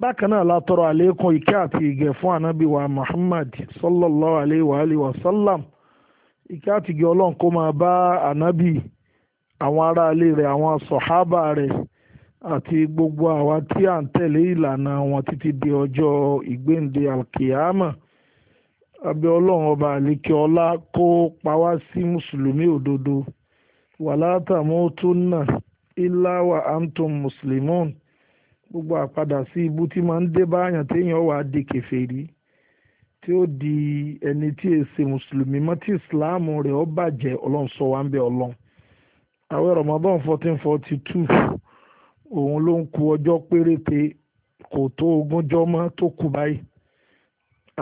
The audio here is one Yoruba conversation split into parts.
bákan náà la ike àlékún ìkẹ́ àti ìgẹ̀ fún ànábì wa Muhammad sallallahu alayhi wa alayhi wa sallam ìkẹ́ àti ìgẹ̀ ọlọ́run kó máa bá ànábì àwọn aráalé rẹ̀ àwọn sọ̀hábà rẹ̀ àti gbogbo àwa tí à ń tẹ̀lé ìlànà wọn títí di ọjọ́ ìgbéǹde alkiyama abẹ́ ọlọ́run ọba àlékè ọlá kó pa wá sí mùsùlùmí òdodo antum muslimun. gbogbo àpadà sí ibú tí máa ń dé bá àyàn téèyàn wà á di kèfèrí tí ó di ẹni tí è mùsùlùmí mọ́ tí ìsìláàmù rẹ̀ ó bàjẹ́ ọlọ́run sọ wá ń bẹ ọlọ́run àwọn Ramadan fourteen forty two òun ló ń ku ọjọ́ péréte kò tó ogúnjọ́ mọ́ tó kù báyìí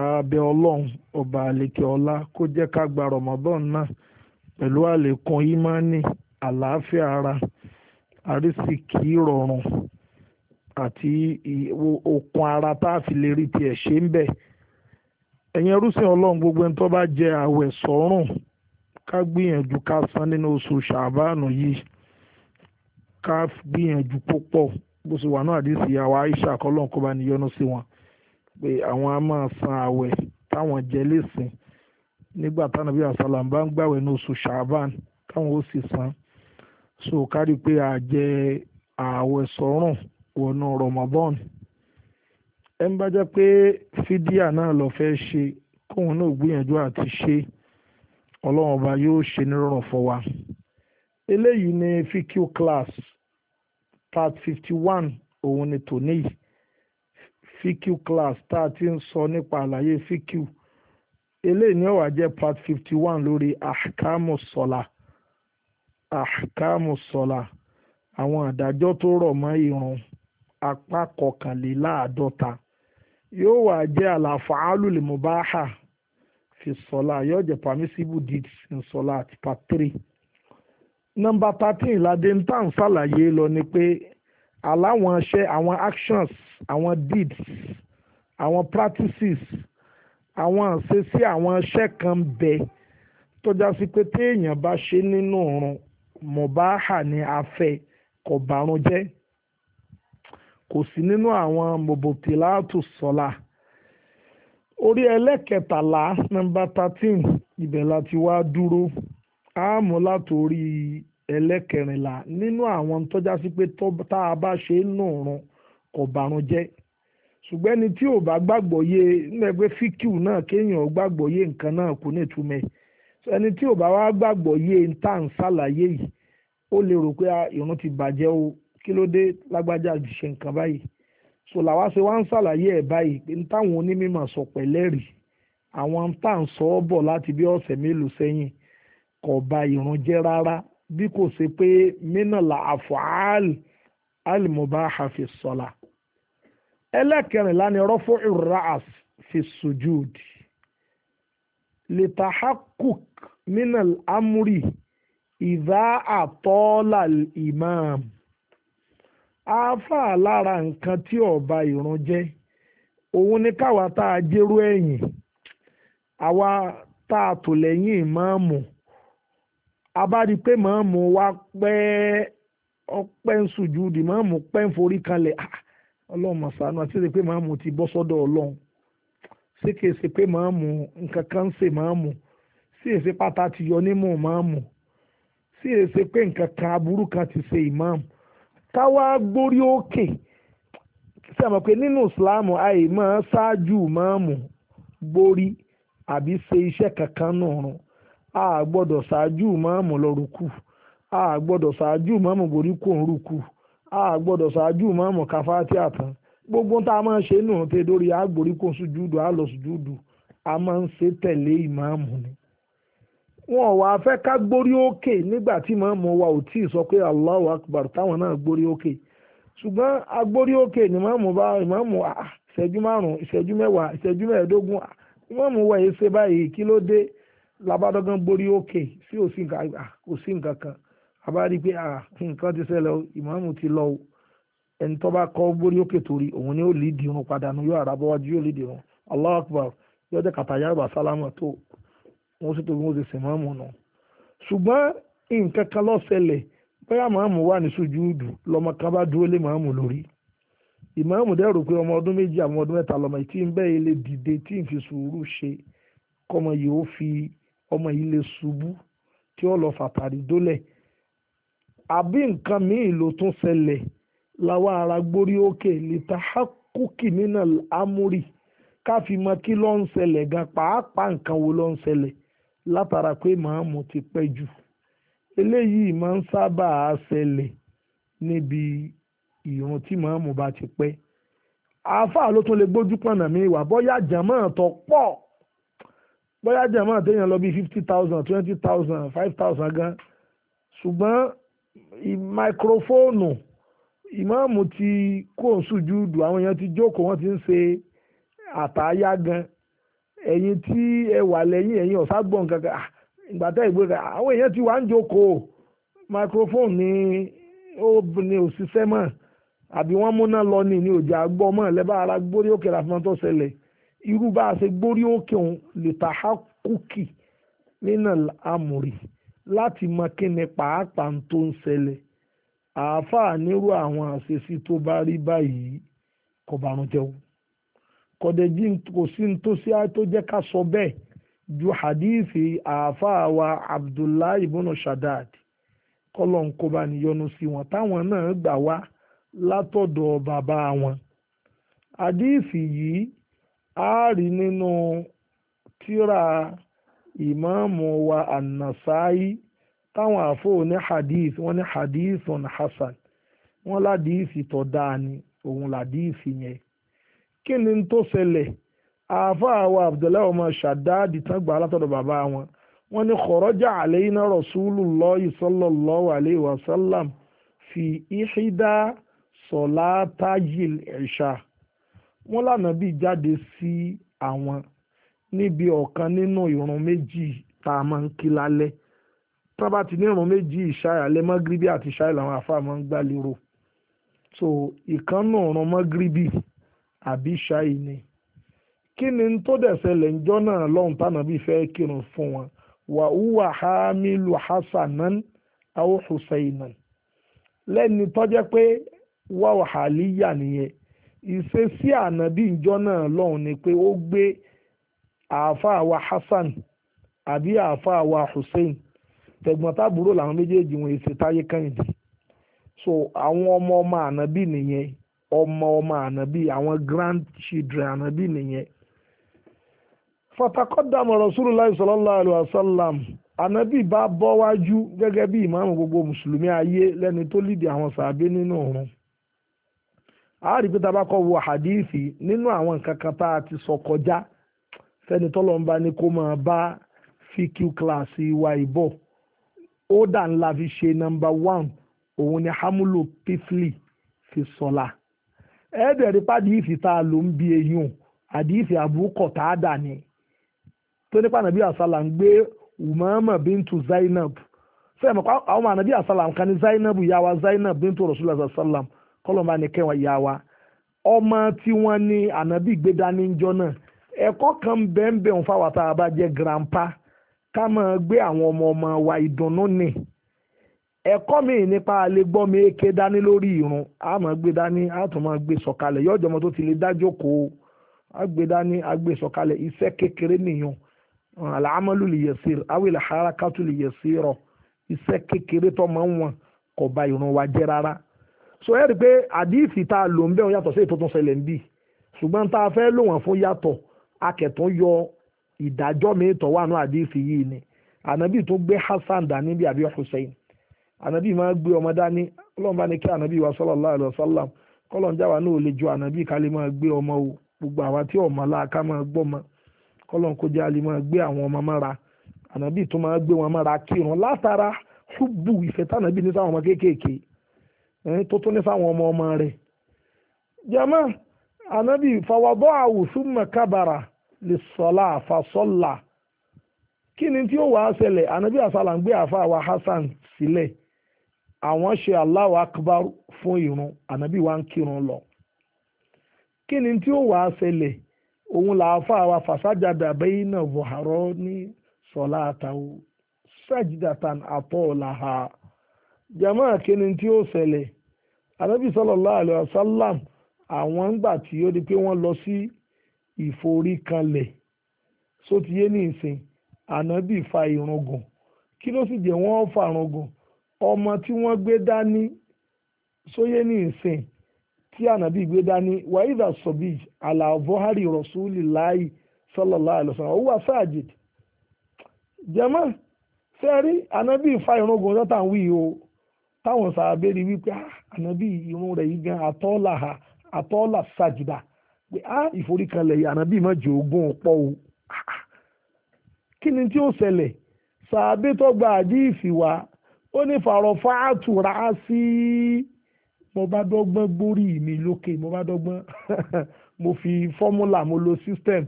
abẹ ọlọ́run ọba àlekè ọlá kó jẹ́ ká gba Ramadan náà pẹ̀lú àlékún ìmánì àlàáfíà ara àrísìkí ìrọ̀rùn àti okun ara tá a fi lè rí tiẹ̀ ṣe ń bẹ̀ ẹ̀yin ẹrúsìn ọlọ́run gbogbo ẹni tó bá jẹ àwẹ̀ sọ́rùn ká gbìyànjú ká san nínú oṣù ṣàbánu yìí ká gbìyànjú púpọ̀ bó ṣe wà náà àdìsí àwọn aisha kọlọ́n kó bá ní yọ́nú sí wọn pé àwọn a máa san àwẹ̀ táwọn jẹ lẹ́sìn nígbà táwọn bí àṣàlà bá ń gbàwẹ̀ ní oṣù ṣàbán táwọn ó sì san so kárí pé àjẹ àwẹ̀ sọ́rùn wọnú Ramadan ẹ ń bá jẹ́ pé fídíà náà lọ fẹ́ ṣe kóun náà gbìyànjú àti ṣe ọlọ́run ọba yóò ṣe nírọ̀rùn fún wa eléyìí ni fq class part fifty one òun ni tòní yìí fq class tá a ti ń sọ nípa àlàyé fq eléyìí ni ó wá jẹ́ part fifty one lórí ahkamu sọlá ahkamu sọlá àwọn àdájọ́ tó rọ̀ mọ́ ìrun apá kọkànléláàádọ́ta yóò wá jẹ́ àlàfàálù lè mọ̀báhà fi sọ́lá yóò jẹ́ permissible deeds in sọ́lá àti part three. nọ́mbà thirteen ládé ń ṣàlàyé lọ ni pé aláwọn iṣẹ́ àwọn actions àwọn deeds àwọn practices àwọn àṣesí àwọn iṣẹ́ kan bẹ tó sí pé téèyàn bá ṣe nínú ọ̀run mọ̀báhà ni a fẹ́ kọ̀ọ̀bàrún jẹ́ kò sí nínú àwọn mọ̀bòtìláàtù sọ́la orí ẹlẹ́kẹtàlá nọmba thirteen ibẹ̀ láti wá dúró àmú látòrí ẹlẹ́kẹrìnlá nínú àwọn tọ́já sí pé tá a bá ṣe ń nù run kò bàrún jẹ́ ṣùgbọ́n ẹni tí ò bá gbàgbọ́ yé nígbàgbé fíkìú náà kéèyàn gbàgbọ́ yé nǹkan náà kò ní ìtumẹ̀ ẹni tí ò bá wá gbàgbọ́ yé ń tà ń ṣàlàyé yìí ó lè rò pé ah, ìrun ti bàjẹ́ o kí ló dé lágbájá ṣe nǹkan báyìí so làwa ṣe wá ń ṣàlàyé ẹ̀ báyìí pé táwọn onímọ̀ sọ pẹ̀lẹ́rì àwọn tá à ń sọ ọ́ bọ̀ láti bí ọ̀sẹ̀ mélòó sẹ́yìn kò ba ìrun jẹ́ rárá bí kò ṣe pé mínàlá àfọ̀àl àlùmọ̀bá àfi sọ̀la ẹlẹ́kẹrìnlá ni rọ́fọ́ ìrọ̀ràs fi sùjúùdì lìtàhákùk mínàl amúrì ìdá àtọ́là ìmáàmù afa lára nǹkan tí ọba ìrun jẹ́ òun ni káwa tá a jẹ́rú ẹ̀yìn àwa tá a tò lẹ́yìn a pé wa ń sùjú di màámù pẹ́ ń forí kalẹ̀ ọlọ́run màsánù àti ṣe pé ti bọ́ sọ́dọ̀ ọlọ́run ṣé kìí ṣe pé màámù nǹkan kan ń ṣe màámù pátá ti yọ nímọ̀ pé nǹkan kan aburú kan ti ṣe ìmáàmù ká wá gbórí òkè ṣe àmọ̀ pé nínú ìsìláàmù àì máa ṣáájú máàmù gbórí àbí ṣe iṣẹ́ kankan náà rùn a gbọ́dọ̀ ṣáájú máàmù lọ rúkú a gbọ́dọ̀ ṣáájú máàmù gbórí kò ń rúkú a gbọ́dọ̀ ṣáájú máàmù káfáàtì àtàn gbogbo tá a máa ṣe nù tẹ́ dórí àgbórí kò sùjúdù àlọ́ sùjúdù a máa ń ṣe tẹ̀lé ìmáàmù ni wọn ò wá fẹ́ ká gbórí òkè nígbà tí màmú wa ò tí ì sọ pé Allahu Akbar táwọn náà gbórí òkè ṣùgbọ́n agbórí òkè ni màmú bá ìmàmù ah, ah, ìṣẹ́jú márùn-ún ìṣẹ́jú mẹ́wàá ìṣẹ́jú mẹ́ẹ̀ẹ́dógún ìmàmù wa yìí ṣe báyìí kí ló dé labadọ́gán borí òkè sí òsì ah, nǹkan kan abárí pé nǹkan ti ṣẹlẹ̀ ìmàmù ti lọ ẹni tó bá kọ́ borí òkè torí òun ni ó lè dìrun padà nu yóò àràbọ̀ wájú yóò lè dìrun Allahu Akbar yọjọ́ kàtàyà àgbà sálámà tó wọ́n sì tóbi wọ́n ti sìn máàmù náà ṣùgbọ́n nǹkan kan ló ṣẹlẹ̀ bóyá màámù wà ní sùjúùdù lọ́mọ kan bá dúró lé màámù lórí ìmáàmù dẹ̀ rò pé ọmọ ọdún méjì àwọn ọdún mẹ́ta lọ́mọ tí ń bẹ́ẹ̀ lè dìde tí ń fi sùúrù ṣe kọ́mọ yìí ó fi ọmọ yìí lè ṣubú tí ó lọ fàtàrí dólẹ̀ àbí nǹkan míì ló tún ṣẹlẹ̀ láwa ara gbórí òkè lítà hákùkì nínà amúrì ká kí ló ń ṣẹlẹ̀ gan pàápàá nǹkan wo ló ń ṣẹlẹ̀ látara pé màámu ti pẹ́ jù eléyìí máa ń sábà ṣẹlẹ̀ níbi ìrun tí màámu bá ti pẹ́ àáfàá ló tún lè gbójú pọ̀nà mi wà bóyá jàmáà tó pọ̀ bóyá jàmáà téèyàn lọ bí fifty thousand twenty thousand five thousand gan ṣùgbọ́n máikrófóònù ìmáàmù ti kóńsù júùdù àwọn èèyàn ti jókòó wọ́n ti ń ṣe àtàyà gan ẹ̀yin tí ẹ wà lẹ́yìn ẹ̀yin ọ̀sá gbọ̀n kankan ah, ìgbà tẹ́ ìgbé kan àwọn èèyàn ti wà ń jókòó microphone ni ó ní òṣìṣẹ́ mọ̀ àbí wọ́n múná lọ ní ní òjà gbọ́ mọ̀ lẹ́bà ara gbórí òkè làfihàn tó ṣẹlẹ̀ irú bá a ṣe gbórí òkè òun lè ta á kúkì nínà amòrì láti mọ kí ni pàápàá tó ń ṣẹlẹ̀ àáfàá nírú àwọn àṣeṣí tó bá rí báyìí kò kọ̀dẹ̀jì kò sí tó sí tó jẹ́ ká sọ bẹ́ẹ̀ ju hadithi àáfàá wa abdullahi ibn shaddad kọ́lọ́n kó bá níyọnu sí wọn táwọn náà gbà wá látọ̀dọ̀ bàbá wọn hadithi yìí a rí nínú tíra ìmáàmù wa anasai táwọn àfóò ní hadith wọn ní hadithun hasan wọn ládìísì tó dáa ni òun ládìísì yẹn kí ni tó ṣẹlẹ̀ àáfàá wa abdullahi ọmọ ṣàdáàdì tán gbà látọ̀dọ̀ bàbá wọn wọn ní kọ̀rọ́jà àlẹ́yìn rasulullahi sallallahu alayhi wa sallam fi ìhídá sọ̀látàyìl ẹ̀ṣà wọn lànàbí jáde sí àwọn níbi ọ̀kan nínú ìrun méjì tá a máa ń kí lálẹ́ tá bá ti ní ìrun méjì ìṣáì alẹ́ àti ìṣáì làwọn àfáà máa ń gbá so ìkan náà ràn àbí ṣáì ni kí ni tó dẹ̀ ṣẹlẹ̀ ńjọ́ náà lọ́hùn tánàbí fẹ́ kírun fún wọn wà húwà hamilu hasanan aw husainan lẹ́ni tọ́jẹ́ pé wà hàlíyà nìyẹn ìṣesí ànábì ńjọ́ náà lọ́hùn ni pé ó gbé àáfàá wa hasan àbí àáfàá wa hussein tẹ̀gbọ́ntàbúrò làwọn méjèèjì wọn èsì táyé kẹ́hìndé so àwọn ọmọ ọmọ ànábì nìyẹn ọmọ ọmọ ànábì àwọn grandchildren ànábì nìyẹn fatakọ́dàmù rasulillah sallallahu alayhi wa sallam ànábì bá bọ́ wájú gẹ́gẹ́ bí ìmáàmù gbogbo mùsùlùmí ayé lẹ́ni tó lìdí àwọn sàbẹ̀ nínú òrùn àárí pé tábà kọ́ hadithi nínú àwọn nǹkan kan tá a ti sọ kọjá fẹ́ni tọ́lọ́ ń bá ní kó máa bá fq kíláàsì wa ìbọ̀ ó dà ńlá fi ṣe nọmba one òun ni hamulu pifli fi sọ̀la. So ẹ̀ẹ́dẹ̀rí pàdíìsì tá a lò ń bi eyín àdíìsì àbúkọ̀ tá a dà ní tó nípa nàbí àsálà ń gbé umama bintu zainab sẹ́yìn mọ̀ àwọn ànàbí àsálà ń kan ní zainab yàwá zainab bintu rasulullah sallam kọlọmọ anìkẹwà yàwá ọmọ tí wọ́n ní ànàbí gbéda níjọ́ náà ẹ̀kọ́ kan bẹ́ẹ̀ bẹ́ẹ̀ ń fáwọn tá grandpa ká máa gbé àwọn ọmọ ọmọ wa ìdùnnú ni. ẹ̀kọ́ mi nípa lè gbọ́ mi èké dání lórí irun a máa gbé dání a tún máa gbé sọ̀kalẹ̀ yọ̀ọ́jọ́ ọmọ tó ti lè dájókòó a gbé dání a gbé sọ̀kalẹ̀ iṣẹ́ kékeré nìyàn àlàámọ́lù lè yẹ̀sìrò awìlà harakátù lè yẹ̀sìrò iṣẹ́ kékeré tó máa ń wọn kò bà irun wa jẹ́ rárá so ẹ rí i pé àdíìsì tá a lò ń bẹ̀rù yàtọ̀ sí ètò tó ṣẹlẹ̀ ń bì ṣùgbọ́n tá a fẹ́ lò wọ́n fún yàtọ̀ akẹ̀tún yọ ìdájọ́ mi tọ̀ wà ní àdíìsì yìí ni ànábì tó gbé Hasan dání bí àbí Hussein ànábì máa gbé ọmọ dání ọlọ́run bá ní kí ànábì wa sallallahu alaihi wasallam kọ́lọ́n jáwa náà ò lè ju ànábì ká lè máa gbé ọmọ o gbogbo àwa tí ọmọ aláàká máa gbọ́ mọ kọ́lọ́n kó a lè máa gbé àwọn ọmọ mọ́ra ànábì tó máa gbé wọn mọ́ra kírun látara ṣubú ìfẹ́ tànábì ní sáwọn ọmọ kéékèèké ẹ̀yìn tó tún ní sáwọn ọmọ ọmọ rẹ̀ jama ànábì fàwọ́bọ́ àwùsùnmọ̀ kábàrà lè àwọn ṣe Allahu akbar fún ìrun ànábì wa ń kírun lọ kí ni tí ó wà á ṣẹlẹ̀ òun làáfà wa fàṣájàdà bẹ́yìn náà bọ̀hárọ́ ní sọ̀lá àtàwọn sajidatan atọ́ọ̀láha jama kí ni tí ó ṣẹlẹ̀ ànábì sallallahu alaihi wasallam àwọn ńgbà tí ó di pé wọ́n lọ sí ìforíkanlẹ̀ sótìyé ní ìsìn ànábì fa ìrùngùn kí ló sì jẹ́ wọ́n fa ìrùngùn ọmọ tí wọ́n gbé dání sóyè ní tí ànábì gbé dání wàhídà sọ̀bíj àlàvọ́hárì rọ̀ṣúlì láàyè sọ́lọ́lá àlùsàn ó sáàjìd jẹ́mọ́ sẹ́rí ànábì fa irun ogun ọjọ́ o táwọn wípé ah, ànábì irun rẹ̀ yìí gan àtọ́là àtọ́là sàjìdà pé á ah, ìforíkanlẹ̀ yìí ànábì má jẹ́ ogún pọ̀ o ah, kí ni tí ó ṣẹlẹ̀ sàbẹ̀tọ̀ gba àdí ìfìwà ó ní fàrọ̀fà àtúrà sí mo bá dọ́gbọ́n gbórí mi lókè mo bá dọ́gbọ́n mo fi fọ́múlà mo lo system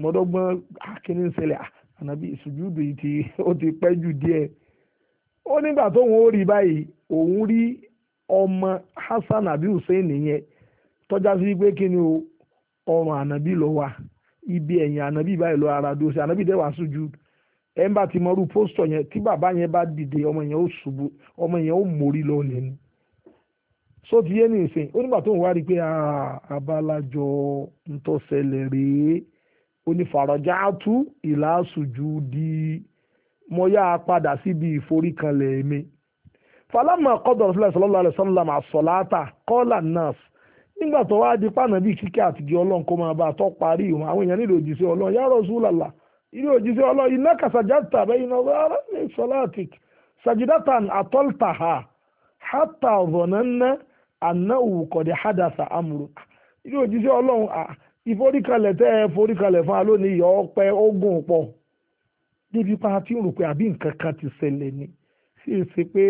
mo dọ́gbọ́n akíní ṣẹlẹ̀ ànábì ìṣùjúdù yìí ti ó ti pẹ́ jù díẹ̀ ó nígbà tóun ó rí báyìí òun rí ọmọ Hasan àbí Hussein yẹn tọ́já sí pé kí ni ọrùn ànábì ló wà ibi ẹ̀yìn ànábì báyìí ló ara dó sí ànábì dẹ́wà ṣùjúdù ẹ̀ ń bá ti mọrú pósítọ̀ yẹn tí bàbá yẹn bá dìde ọmọ yẹn ó ṣubú ọmọ yẹn ó mórí lọ́lẹ̀ ni so ti yé ní ìsìn ó nígbà tó ń wá rí i pé ah, abalajọ ntọ́sẹ̀lẹ̀ rèé ó ní fàrọ̀já tú ìlàsùjú di mo yá a padà síbi ìforíkanlẹ̀ mi falama kọ́dọ̀ sílẹ̀ sallallahu alaihi wasallam àsọ̀láta kọ́là nọ́ọ̀sì nígbà tó wá di pàànà bíi kíkẹ́ àtijọ́ ọlọ́run kó máa bá a tọ́ parí ìwọ̀n àwọn èèyàn nílò òjì sí ọlọ́run ya Rasulullah ilé òjíṣẹ́ ọlọ́ iná kàṣàjáta bẹ́yìn náà rárá ní sọláàtì sajidatan atọ́ltaha hátà ọ̀bọ̀nánná anáwó kọ̀dẹ̀ hádàsà amúrò ilé òjíṣẹ́ ọlọ́run ah, ìforíkalẹ̀ tẹ́ ẹ foríkalẹ̀ fún alónìí ìyọ́ ọpẹ́ ogun pọ̀ débi pa ti ń rò pé àbí nǹkan kan ti ṣẹlẹ̀ ni sí èsì pé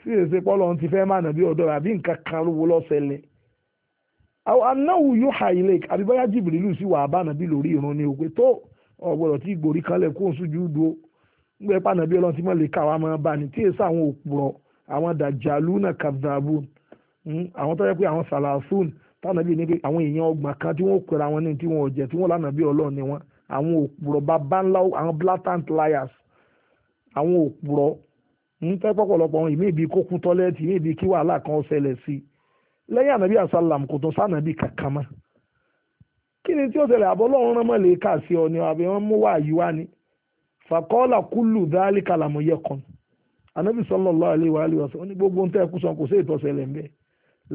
sí èsì pọ́lọ́ ti fẹ́ máa nà bí ọ̀dọ́ àbí nǹkan kan ló lọ́ ṣẹlẹ̀ anáwó yóò hà ilé àbí báyà jìbìrì lù sí wàá bá nàbí lórí ìrún ni òpè tó ọ̀gbọ́dọ̀ tí ìgbòrí kanlẹ̀ kó ń sújú do ngbẹ́ pàna bí ọlọ́run ti mọ̀ lè kà wá máa bá ní tí èsì àwọn òpùrọ̀ àwọn dàjàlú náà kàdàbù àwọn tó yẹ pé àwọn sàlàsùn tànà bí ní pé àwọn èèyàn ọgbọ̀n kan tí wọ́n pèrè àwọn ní tí wọ́n jẹ́ tí wọ́n lànà bí ọlọ́run ni wọ́n àwọn òpùrọ̀ bàbá ńlá àwọn blatant liars àwọn òpùrọ̀ ń hmm, fẹ́ pọ̀pọ̀lọpọ̀ àwọn ìmí ibi kó tọ́lẹ́ẹ̀tì ìmí ibi kí wàhálà kan ṣẹlẹ̀ sí lẹ́yìn ànábì àsálàm kò tún sànàbì kankan kí ni tí ó ṣẹlẹ̀ àbọ̀ ọlọ́run rán mọ̀lẹ́ kà sí ọ ni àbí wọ́n mú wá yìí wá ni fàkọ́ọ́là kúlù dáálì kàlàmù yẹ kan anabi sallallahu alaihi wa alihi wasallam ó ní gbogbo ntẹ́ kú sọ kò sí ètò ṣẹlẹ̀ ń bẹ́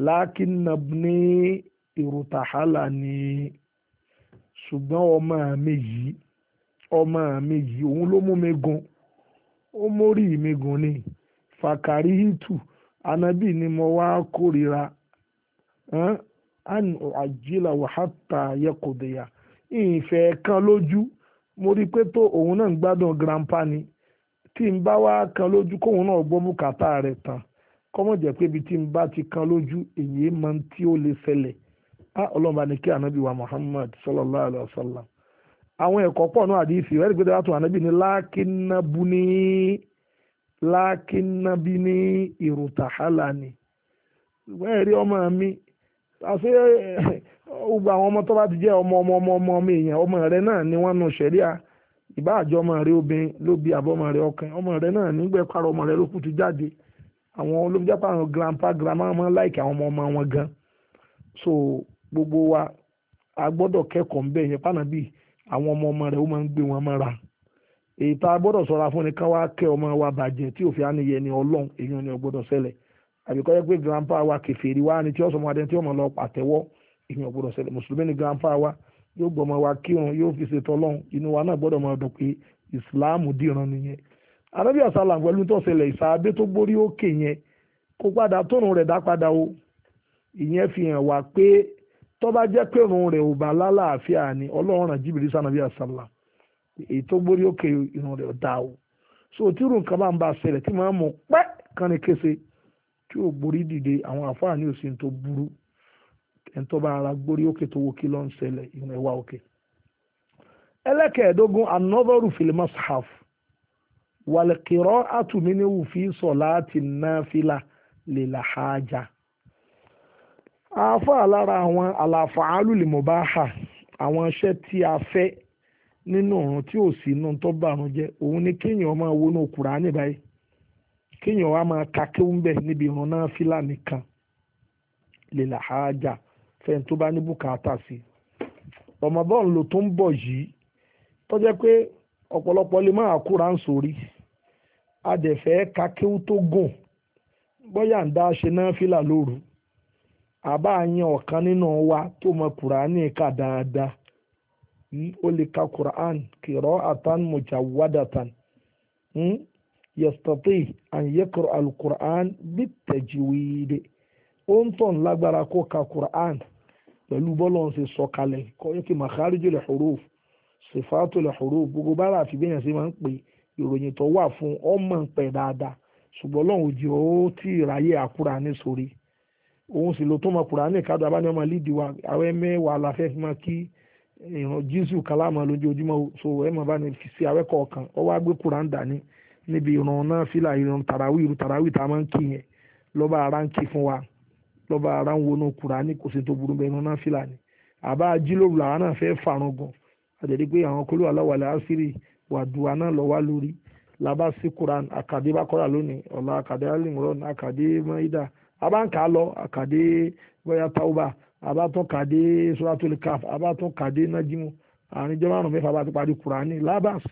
lákìn nàbní ìrùtàhálà ni ṣùgbọ́n ọmọ mi yìí ọmọ mi yìí òun ló mú mi gan ó mórí mi gan ni fàkàrí hìtù anabi ni mo wá kórìíra an àjílà wàhátà yẹkọdẹyà ìfẹ́ kan lójú mo rí i pé tó òun náà ń gbádùn grandpa ni tí n bá wá kan lójú kóun náà gbọ́ bùkátà rẹ̀ tán kọ́mọ̀ jẹ́ pé ibi tí n bá ti kan lójú èyí máa tí ó lè ṣẹlẹ̀ á ọlọ́mọba ni kí anabi wa muhammad sallallahu alayhi wa sallam àwọn ẹ̀kọ́ pọ̀ náà àdìsí rẹ̀ rí pé dáhàtò anabi ni lákínnábù ní lákínnábì ní ìrùtàhálà ni wẹ́ẹ̀rí ọmọ mi àṣé ụgbọ eh, àwọn ọmọ tó bá ti jẹ́ ọmọ ọmọ ọmọ ọmọ ọmọ èèyàn ọmọ rẹ náà ni wọ́n nu ṣẹ̀ríà ìbá àjọ ọmọ rẹ obìnrin ló bí àbọ̀ ọmọ rẹ ọkàn ọmọ rẹ náà nígbà ọmọ rẹ so gbogbo wa a gbọ́dọ̀ kẹ́kọ̀ọ́ ń bẹ̀ yẹn pànàbí àwọn ọmọ ọmọ rẹ̀ ó máa ń gbé wọn èyí tá a sọra fún ni ọmọ wa bàjẹ́ tí òfin àníyẹ ni ọlọ́run èèyàn ni ó àbí kọ́ pé grandpa wa kèfèrí wa ni tí ó sọ ọmọ adé tí ọmọ lọ pàtẹ́wọ́ ìyẹn gbọ́dọ̀ ṣẹlẹ̀ mùsùlùmí ni grandpa wa yóò gbọmọ wa kírun yóò fi ṣètò ọlọ́run inú wa náà gbọ́dọ̀ máa dùn pé ìsìláàmù dìran nìyẹn arábí àsálà pẹ̀lú tó ṣẹlẹ̀ ìsàbẹ́ tó gbórí òkè yẹn kó padà tóun rẹ̀ dá padà o ìyẹn fi hàn wá pé tó bá jẹ́ pé òun rẹ̀ ò bá lálàáfíà ni ọlọ́run jìbìrì sànàbí àsálà èyí tó gbórí òkè irun rẹ̀ dá o so tírù nǹkan bá ń ba ṣẹlẹ̀ tí màá mú pẹ́ kan ní kése tí ò borí dìde àwọn àfáàní òsì tó burú ẹ̀ńtọ́ bá ara gbórí òkè tó wo kí ló ń ṣẹlẹ̀ ìwọ̀n ẹ̀wà òkè. ẹlẹ́kẹ̀ẹ́dógún anọ́dọ́rù filimọ́sáf wàlẹ̀kìrọ́ àtùmínú fi sọ láti náfìlà lè làhájà. àáfàá lára àwọn àlàfà alùlìmọ̀báhà àwọn iṣẹ́ tí a fẹ́ nínú ọ̀run tí ò sí inú tó bàrún jẹ́ òun ni kéèyàn máa wọnú kùránì báyìí kéèyàn wa máa ka kéwọ́n bẹ̀ níbi ìran náà fílàní kan lè là á tó bá ní bùkátà sí ọmọbọ́n ló tó ń bọ̀ yìí tọ́jẹ́ pé ọ̀pọ̀lọpọ̀ lè máa kúra ń sórí adẹ̀fẹ́ ka kéwọ́n tó gùn bóyá ń dá ṣe náà fílà lóru àbá yan ọ̀kan nínú wa tó mọ kùránì kà dáadáa ó lè ka kùránì kìrọ́ àtàn mọ̀jà yastati an yaqra al-Qur'an bit-tajwid ó ń tàn lágbára kó ka Qur'an pẹ̀lú bọ́lọ́n ṣe sọ̀kalẹ̀ kọ́ yẹ kí makharijul huruf sifatul huruf gbogbo bára àfi bẹ́yẹn ṣe máa ń pè ìròyìn tó wà fún ọmọ ń pẹ̀ dáadáa ṣùgbọ́n lọ́hùn jù ó tí ìráyè àkúrà sórí òun sì ló tó mọ kùránì kádọ abáni ọmọ lídìí wa àwọn mẹ́wàá la fẹ́ fi ma kí ìran jésù kálámà lójoojúmọ́ so ẹ máa bá ní fi sí awẹ́kọ̀ọ́ kan ọ wá gbé kùrán dání níbi ìrun náà fìlà ìrun tàràwí ìrun tàràwí tá a máa ń kí yẹn lọ́ba ara ń kí fún wa lọ́ba ara ń wọnú kùránì kò sí tó burú bẹ́ẹ̀ ìrun náà fìlà ni àbá jílòrò làwọn náà fẹ́ fàrun gan àjẹ̀dí pé àwọn kólú aláwàlẹ̀ àṣírí wàdùwà náà lọ wá lórí làbá sí quran àkàdé bákọ́rà lónìí ọ̀la àkàdé alimron àkàdé maida abáǹkà lọ àkàdé bóyá tauba abátún kàdé suratul kaf abátún kàdé najimu àárín jẹ́ márùn mẹ́fà bá ti parí quran ní labas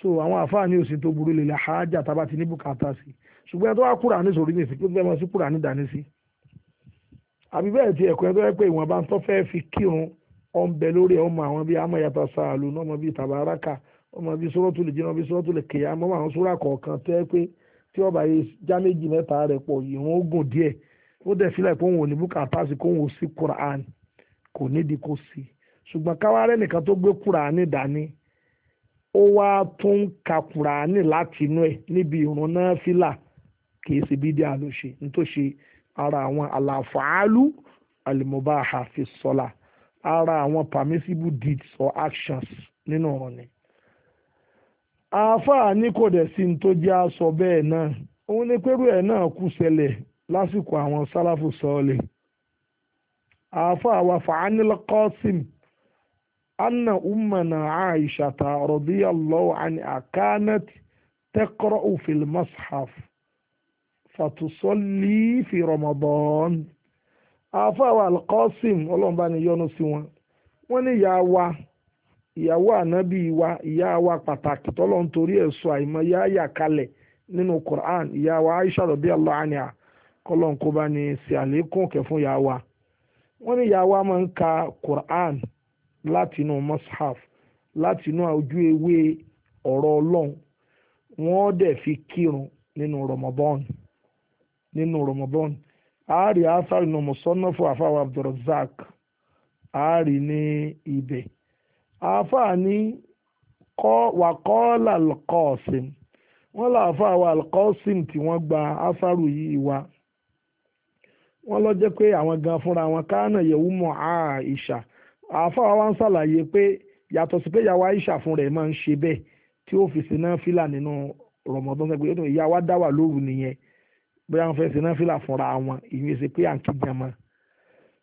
so àwọn àfáà ní òsì tó burú lè làhájà tábà ti ní bùkátà sí ṣùgbọ́n ẹni tó wá kúrà ní sòrí nìsí pé bẹ́ẹ̀ mọ sí kúrà ní dání sí àbí bẹ́ẹ̀ ti ẹ̀kọ́ ẹni tó yẹ pé ìwọ̀nba tó fẹ́ fi kírun ọ̀n bẹ lórí ọmọ àwọn bíi amáyàtà sàálù ọmọ bíi tàbáràkà ọmọ bíi sọ́rọ́tù lè jẹ́ ọmọ bíi sọ́rọ́tù lè kèyà ọmọ àwọn sóra kọ̀ọ̀kan tó yẹ pé tí ọba yìí já méjì mẹ́ta rẹ̀ pọ̀ ìwọ̀n ogun díẹ̀ ó dẹ̀ fílẹ̀ pé òun ò ní bùkátà sí kó òun ò sí kúrà kò nídìí kó sí ṣùgbọ́n káwárẹ́ nìkan tó gbé kúrà ní dání ó wá tún ka kùránì láti inú ẹ̀ níbi ìrun náà fìlà kì í ṣe bídíà ló ṣe ní tó ṣe ara àwọn àlàfàálù alimobaha fi sọlá ara àwọn permissible deeds or actions nínú ọ̀rọ̀ ni. àáfàá ní kò dẹ̀ sí ní tó jẹ́ aṣọ bẹ́ẹ̀ náà òun ni pẹ́rú ẹ̀ náà kú ṣẹlẹ̀ lásìkò àwọn sálàfù sọ́ọ̀lẹ̀ àáfàá wa fàánilọ́kọ́sìmù anna ummana aisha ta radiyallahu anha kanat taqra'u fil mashaf fatusalli fi ramadan afawa alqasim Ọlọ́run bá ni yọ́nú sí wọn wọ́n ní ìyá wa ìyàwó ànábì wa ìyá wa pàtàkì tọ́lọ́run torí ẹ̀ sọ àìmọ̀ yá yà kalẹ̀ nínú quran ìyá wa aisha radiyallahu anha kọ́lọ́n kó bá ní ṣe àlékún kẹ̀ fún ìyá wa wọ́n ní ìyá wa máa ń ka quran látinú mushaf látinú ojú ewé ọ̀rọ̀ ọlọ́run wọ́n dẹ̀ fi kírun nínú Ramadan nínú Ramadan àárí asari nù mùsọ́nàfọ́ àfàwọ̀ Abdulrazak àárí ní ibẹ̀ àfàá ní wàkọ́ọ́lá alqasim wọ́n láàfáà wa alqasim tí wọ́n gba asaru yìí wa wọ́n lọ jẹ́ pé àwọn gan fúnra wọn káànà yẹ̀wù mọ́ àìṣà àáfàá wa ń ṣàlàyé pé yàtọ̀ sí pé ìyàwó Aisha fún rẹ̀ máa ń ṣe bẹ́ẹ̀ tí ó fi ṣe náfìlà nínú Ramadan sẹ́gbẹ́ yóò tún ìyá wa dá wà lóru nìyẹn bóyá wọn fẹ́ ṣe náfìlà fúnra wọn ìyẹn ṣe pé à ń kí jama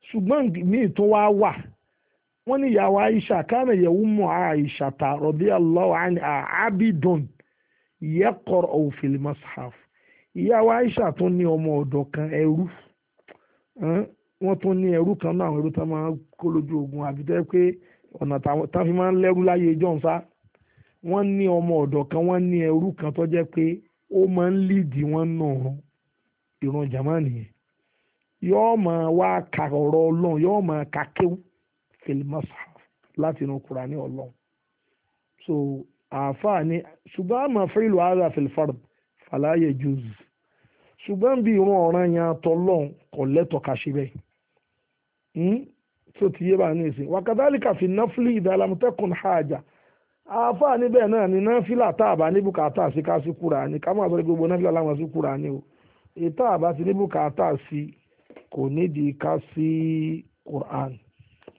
ṣùgbọ́n míì tó wá wà wọ́n ní ìyàwó Aisha kánà yẹ̀wò mọ́ Aisha ta rọ̀bí allah abidun yẹ́kọ̀rọ̀ òfìlì masahaf ìyàwó Aisha tó ní ọmọ ọ̀dọ̀ kan ẹrú wọ́n tún ní ẹrú kan náà àwọn ẹrú tán máa ń kó lójú ogun àbí tẹ́ pé ọ̀nà táwọn fi máa ń lẹ́rú láyé ìjọ ńsá wọ́n ní ọmọ ọ̀dọ̀ kan wọ́n ní ẹrú kan tó jẹ́ pé ó máa ń líìdì wọn náà ìran jamani yẹn yọ́ọ́ máa wá ka ọ̀rọ̀ ọlọ́run yọ́ọ́ máa ka kéwù filimasa láti inú Kùránì ọlọ́run so àáfàá ni ṣùgbọ́n àmọ́ fílù ara filifard fàlàyé jùz ṣùgbọ́n bí ìran ọ̀ràn yẹn atọ́ lọ́hùn kò lẹ́tọ̀ọ́ ká Hmm? tí ó ti yé báyìí nìsín wàkàtàlíkà fi náfìlì ìdálàmùtẹ́kùn hajà àáfàá níbẹ̀ náà ni náfìlà tá a bá ní bùkátà sí ká sí kúra ni ká má sọ gbogbo náfìlà láwọn sí kúra ni o ètò ti ní bùkátà kò nídìí ká sí quran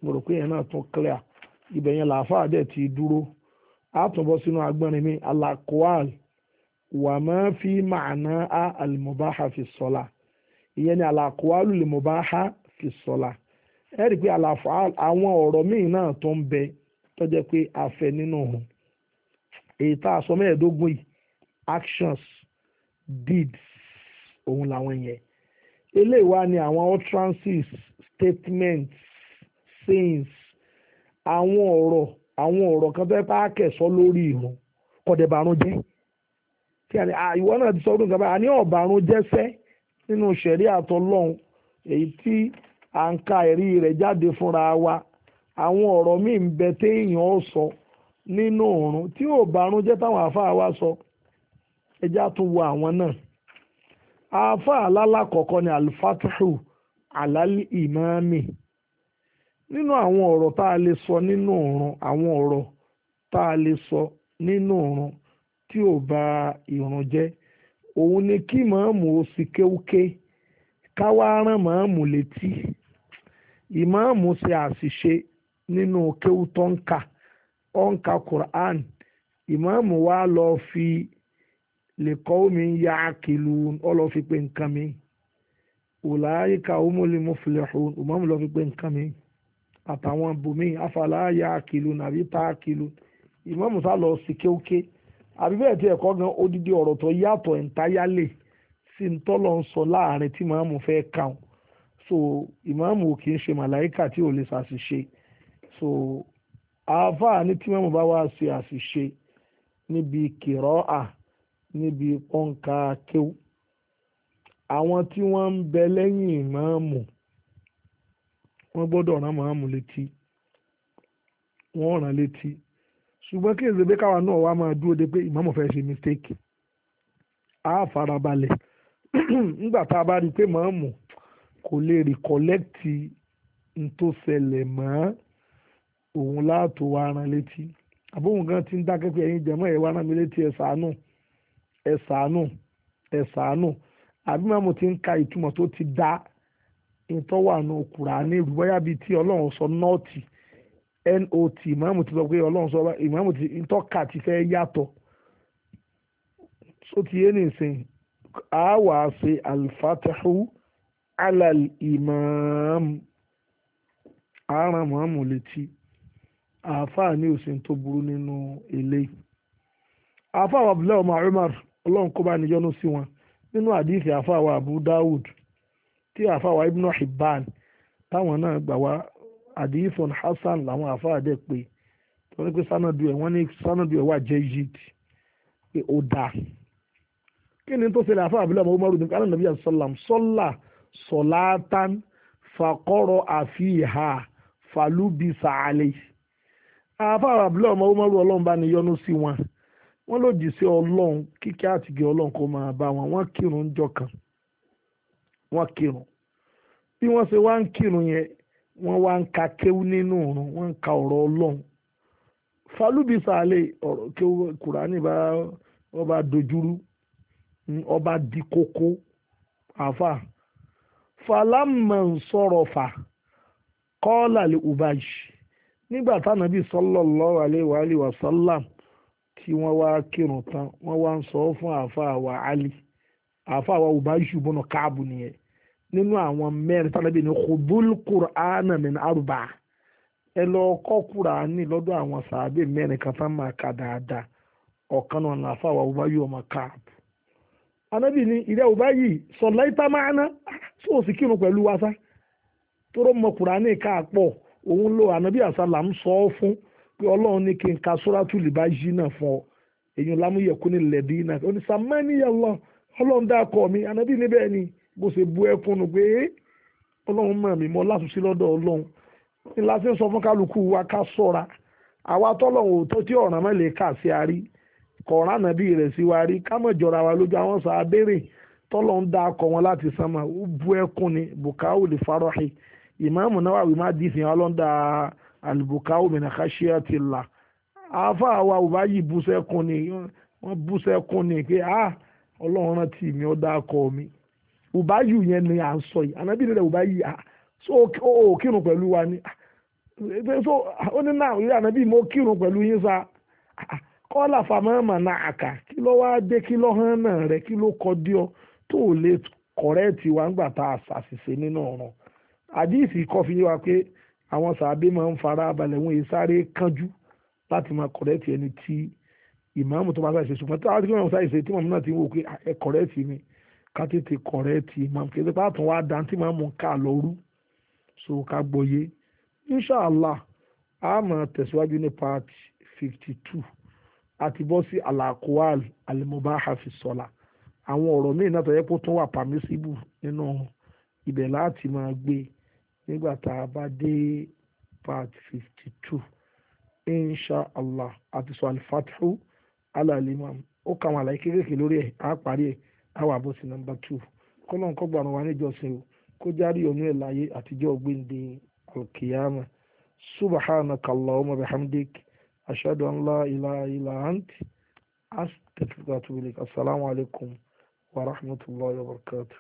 mo rò pé yẹn náà tún clear ibẹ̀ yẹn làáfàá dẹ̀ ti dúró àtúnbọ̀ sínú agbọ́nrin mi alakoal wà máa fi màánà a alimobaha fi sọ́la ìyẹn ni alakoalu limobaha fi sọ́la ẹ rí i pé àlàfo àwọn ọ̀rọ̀ míì náà tó ń bẹ tó jẹ́ pé a fẹ́ nínú wọn èyí tá a sọ mẹ́ẹ̀ẹ́dógún yìí actions deeds òun làwọn yẹn eléyìí wá ní àwọn utterances statements sayings àwọn ọ̀rọ̀ àwọn ọ̀rọ̀ kan tó yẹ pé a kẹsọ́ lórí ìrun kọ̀dẹ̀bàrún jẹ́ tí a ní ìwọ náà ti sọ ọdún kan báyìí a ní ọ̀bàrún jẹ́sẹ́ nínú ṣẹ̀rí àtọ́lọ́hún èyí tí à ń ka ẹ̀rí rẹ̀ jáde fúnra wa àwọn ọ̀rọ̀ míì ń bẹ téèyàn ó sọ nínú òrùn tí ò bàrún jẹ́ táwọn àáfàá wa sọ ẹjá tún wo àwọn náà àáfàá alálàkọ̀ọ́kọ́ ni alifatihu alali imami nínú àwọn ọ̀rọ̀ tá a lè sọ nínú òrùn àwọn ọ̀rọ̀ tá a lè sọ nínú òrùn tí ò ba ìrun jẹ́ òun ni kí màámù ó sì kéwúké ká wá rán màámù létí ìmáàmù ṣe àṣìṣe nínú kéwú tó ń kà ó ń ka Quran ìmáàmù wa lọ fi lèkọ́ omi ya kìlù ó lọ fi pé nǹkan mi ulaika umul muflihun ìmáàmù lọ fi pé nǹkan mi àtàwọn bòmí afàlà ya kìlù nàbí tá kìlù ìmáàmù sá lọ sí kéwké àbí bẹ́ẹ̀ tí ẹ̀kọ́ gan odidi ọ̀rọ̀ tó yàtọ̀ ẹ̀ńtáyálè sí ń tọ́lọ́ ń sọ láàrin tí màámu fẹ́ kàn so ìmáàmù ò kì í ṣe màláìkà tí ò lè ṣàṣìṣe so àáfàá ní tí mọ́mù bá wá ṣe àṣìṣe níbi kìrọ́à níbi pọ́ńkà kéwù àwọn tí wọ́n ń bẹ lẹ́yìn ìmáàmù wọ́n gbọ́dọ̀ rán màámù létí wọ́n rán létí ṣùgbọ́n kí èzèbé káwa náà wá máa dúró de pé ìmáàmù fẹ́ ṣe mistake á farabalẹ̀ nígbà tá a bá rí i pé màámù kò lè rìkọ́lẹ́kìtì n tó ṣẹlẹ̀ mọ́ òun láàtò wa ran létí àbóhùn gan ti ń dákẹ́ pé ẹ̀yin jẹ̀mọ́ ẹ̀ wá rán mi létí ẹ ṣàánú ẹ ṣàánú ẹ ṣàánú àbí màmú ti ń ka ìtumọ̀ tó ti dá ìtọ́wànú Kùránì bóyá bíi tí Ọlọ́run sọ nọ́ọ̀tì not ìmáàmù ti sọ pé Ọlọ́run sọ ìmáàmù ti tọ́ka ti fẹ́ yàtọ̀ só nìsín àá wàá ṣe alifatahu alal imam àárán mọ̀ọ́mù létí àáfàá ní òsín tó burú nínú eléyìí àáfàá wa abdullahi ọmọ umar ọlọ́run kó bá níjọ́nú sí wọn nínú àdìsí àáfàá wa abu dawud tí àáfàá wa ibnu hibban táwọn náà gbà wá àdìsọ̀n hasan làwọn àáfàá dẹ̀ pé torí pé sanadu ẹ̀ wọ́n ní sanadu ẹ̀ wà jẹ́ yid pé ó dáa kí ni tó ṣẹlẹ̀ àáfàá abdullahi ọmọ umar ní kí alẹ́ nàbíyà sọ́lá sọ́lá. sọ̀láátán Fakọrọ àfihà fàlúbisà àlẹ́ àfàrà abúlé ọmọ ọmọrú ọlọ́run bá ní yọ́nú sí wọn wọn lòdì sí ọlọ́run kíkẹ́ àtìgẹ́ ọlọ́run kó máa bá wọn wọn kírun jọ kan wọn kírun bí wọn ṣe wá ń kírun yẹn wọn ka kéwú nínú òrùn wọ́n ń ka ọba dojúrú ọba di falamọ̀nsọ̀rọ̀fà kọ́ọ̀là lè ubaji nígbà tánàbí sallallahu alaihi wa sallam tí wọ́n wá kírun tán wọ́n wá ń sọ fún àáfàá wa ali àáfàá wa ubaji bọ́nà káàbù nìyẹn nínú àwọn mẹ́rin tánàbí ní khudul qur'ana min arba ẹ lọ kọ́ kúránì lọ́dọ̀ àwọn sàábẹ̀ mẹ́rin kan tán máa ka dáadáa ọ̀kan náà ní ubaji ọmọ káàbù anábì ní ìrẹ́ òbá yìí sọ̀lá ìta máa ná tó o sì kírun pẹ̀lú wa sá tóró mọ kùránì káàpọ̀ òun lo anábì àsálà ń sọ ọ́ fún pé ọlọ́run ní kí n ka sóràtù lè bá yí náà fún ọ èyí lámúyẹ̀kú ní lẹ̀dí náà ó ní sàmánìyà lọ ọlọ́run dákọ̀ mi anábì níbẹ̀ ni bó ṣe bu ẹkún nu pé ọlọ́run mọ̀ mí mọ́ látúnṣe lọ́dọ̀ ọlọ́run ńlá ti sọ fún kálukú wa ká sọ́ra àwa tọ́lọ́run òótọ́ tí ọ̀ràn mẹ́lẹ̀ kà àárí kọ̀ọ̀rán ànábì rẹ̀ sí wa rí kámọ̀jọra wa lójú àwọn sọ abẹ́rẹ́ tọ́lọ̀ ń da akọ wọn láti sánmà ó bu ẹkún ni bukau lè farọ́hì ìmáàmù Nawawi má di ìfihàn ọlọ́dà alùbùkáwò mìnàkáṣíà ti là àáfà wa ò bá yìí bú ni wọ́n bú ni pé ah ọlọ́run rántí mi ó dá akọ mi ùbáyù yẹn ni à ń sọ yìí ànábì rẹ̀ ùbáyù à so ó kírun pẹ̀lú wa ni ó ní náà ànábì mo kírun pẹ̀lú yín sa kọ́là fàmọ́ọ̀mà náà àkà kí ló wáá dé kí ló hàn náà rẹ kí ló kọ dí ọ tó o lè kọ̀rẹ́ẹ̀tì wa ńgbà tá a ṣàṣìṣe nínú ọ̀ràn àdìsí kọ́ fi yé wa pé àwọn sàábé máa ń fara balẹ̀ wọn èyí sáré kánjú láti máa kọ̀rẹ́ẹ̀tì ẹni tí ìmáàmù tó bá ṣàṣìṣe ṣùgbọ́n tí àwọn tí wọ́n ṣàṣìṣe tí màmú náà ti ń wò pé ẹ kọ̀rẹ́ẹ̀tì mi ká tètè kọ̀rẹ́ẹ̀tì ìmáàmù fifty two. àti bọ́ sí alakuwal alimobaha fi sọ́la àwọn ọ̀rọ̀ míì náà tó yẹ kó tún wà pàmísíbù nínú ibẹ̀ láti máa gbé nígbà tá a bá dé part fifty two insha allah àti sọ alifatihu alalimam ó kà wọn àlàyé kéékèèké lórí ẹ̀ á parí ẹ̀ á wà bọ́ sí number two kọ́nà ń kọ́ gbàrún wa níjọsìn o kó járí òun ẹ̀ láyé àtijọ́ gbéǹde alkiyama subhanaka allahumma bihamdik. ashhadu an la ilaha illa ant astaghfiruka wa atubu ilaik assalamu alaikum wa rahmatullahi wa barakatuh